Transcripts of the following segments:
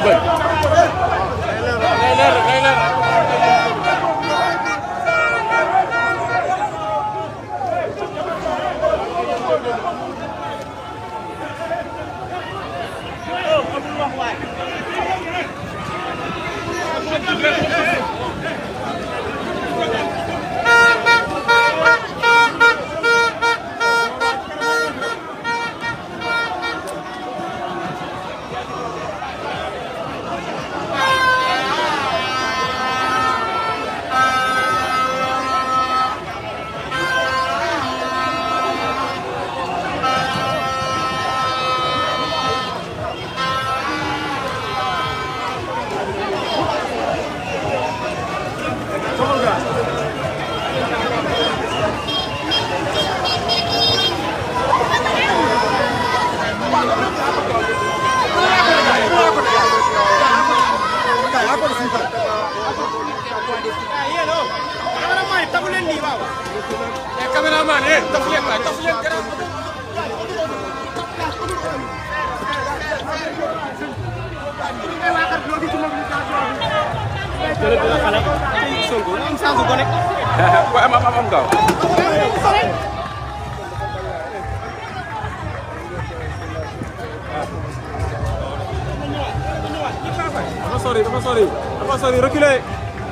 bëgg waaw mais caméraman eh taf leen waay taf leen garab jërëjëf xale yi Sonko am chance gone waaye am am am gaaw dafa sori dafa sori dafa sori reculer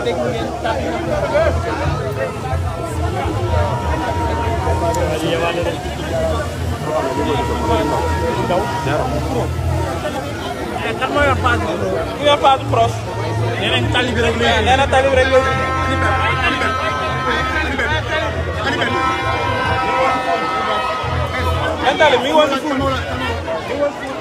kan moo yor paas bi. ki yor paas proche. nee nañ tali bi rek léegi nee na tali bi rek léegi. Tali bi mi ngi woon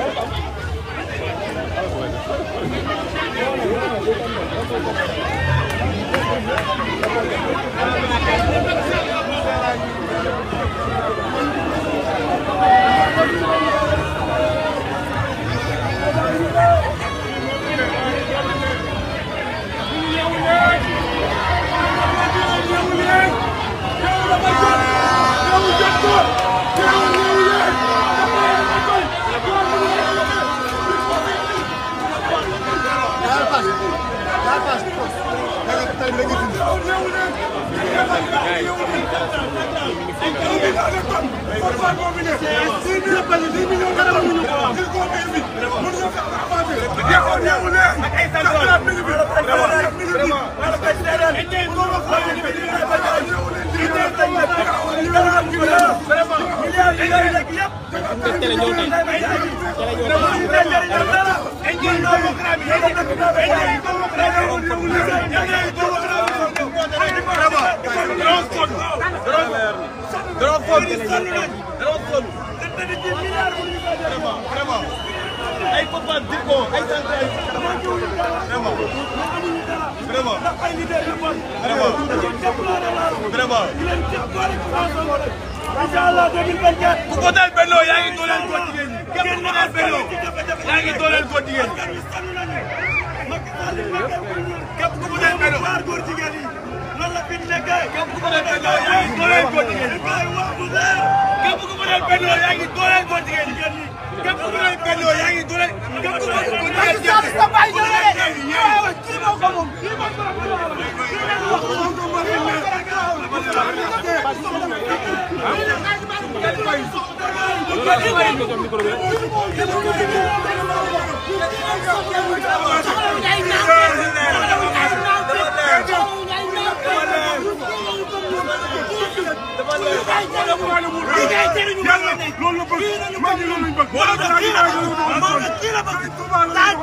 vraiment. 2024. ku ko dal Benno yaa ngi dooleel góor jigéen ñi. képp ku ko dal Benno yaa ngi dooleel góor jigéen ñi. képp ku ko dal Benno. képp ku ko dal Benno yaa ngi dooleel góor jigéen ñi. képp ku ko dal Benno yaa ngi dooleel góor jigéen ñi. képp ku ko dal Benno yaa ngi dooleel. képp ku ko dal Benno yaa ngi dooleel góor jigéen ñi.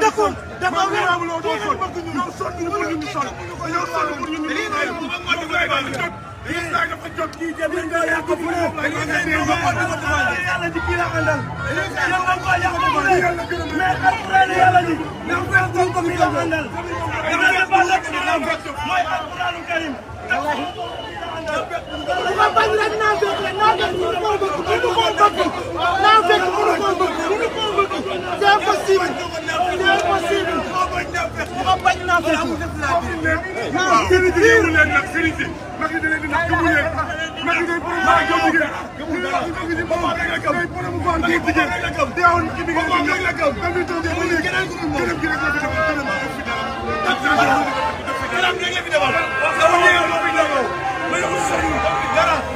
dafa waaye dafa jot kii jël nañ ko yàq bu ne yàlla ji kii la àndal yàlla ko yàq bu ne mais alxuraan yàlla ji ndax feex bu ko kii la àndal dafa ne ba lekk di am mooy alxuraanu karim ma bañ rek naa fekk rek naa fekk mënu koo bëgg mënu koo bëgg naa fekk mënu koo bëgg mënu koo bëgg c'est impossible c'est impossible ma bañ naa fekk leen. waaw gëmu leen nag sëriñ si. mag yi da leen di nax gëmu leen. mag yi day borom maa gëm jigéen. gëmu dara boppam rek la gëm. day borom góor góor jigéen. teewoon ci bi ngeen gëm la gëm. comme ni toog ngeen mu nekk gërëm gi rek la ko defal gërëm. gërëm rek la fi defal. gërëm rek la fi defal.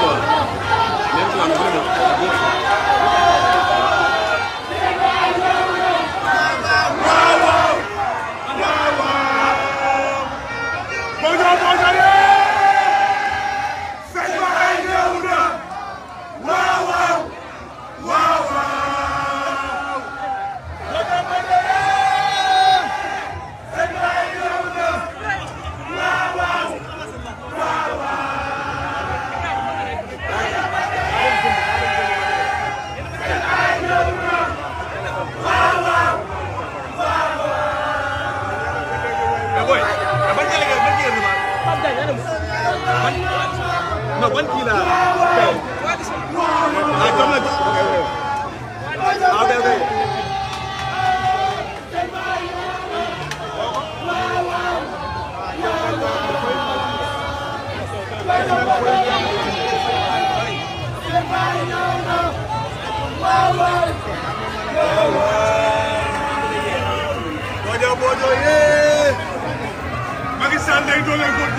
day dooleel góor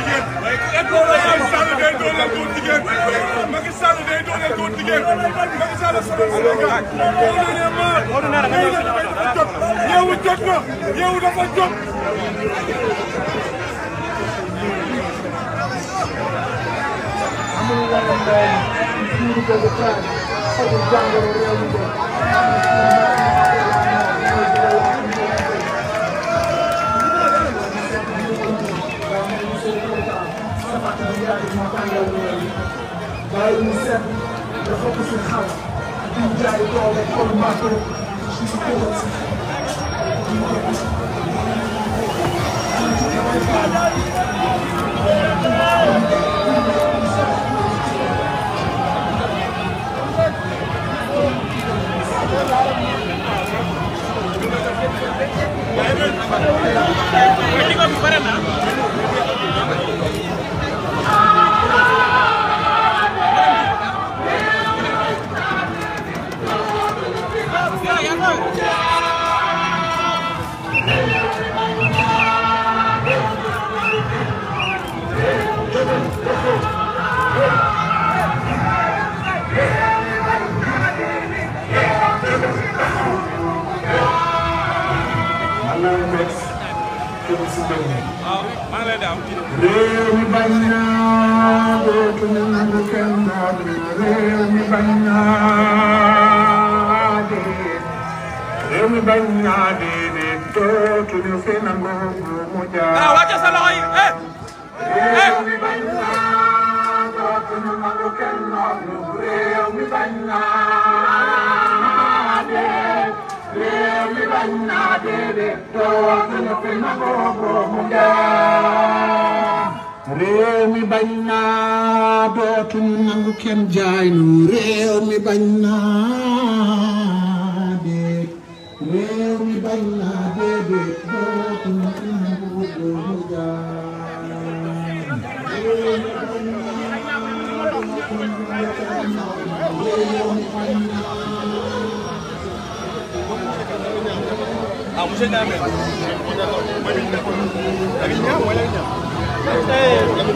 jigéen. Macky Sall day dooleel góor jigéen. Macky Sall day dooleel góor jigéen. Macky Sall sonal Sénégal. Yeewu jot na yeewu dafa jot. amul wàllu mbéy mi. jiitu ko bu tànn. xajul jàngoro réew mi établissement Kandahar Mignane bàyyi mu set dafa ko si xam di jaay doole xol màgg ci si kër si. Thank you. réew mi bañ naa dee réew bañ naa dee ne dootuñu fi nangu mu jaar. ah wàcce sa loxo yi eh. réew mi bañ naa dootuñu nangu kenn bañ naa dee réew bañ naa dee ne dootuñu fi nangu mu réew mi bañ naa dootum nangu kenn jaay nu réew mi bañ naa déet réew mi bañ naa déedéet dootum nangu doomu jaay réew mi bañ naa dootum nangu réew mi bañ naa ah monsieur Ndiame.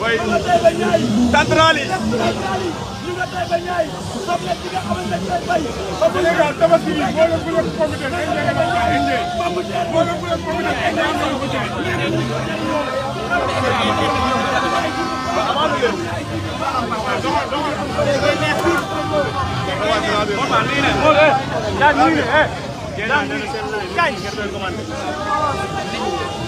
waaye tandrali ñu nga tay ba ñaay xam nga ci nga xamante ne tay bay Sénégal tabaski bi boo leen bulee ko comité ay ñëgë na ay ñëgë boo leen bulee comité ay ñëgë na ko tay Jangan lupa like, share, dan subscribe.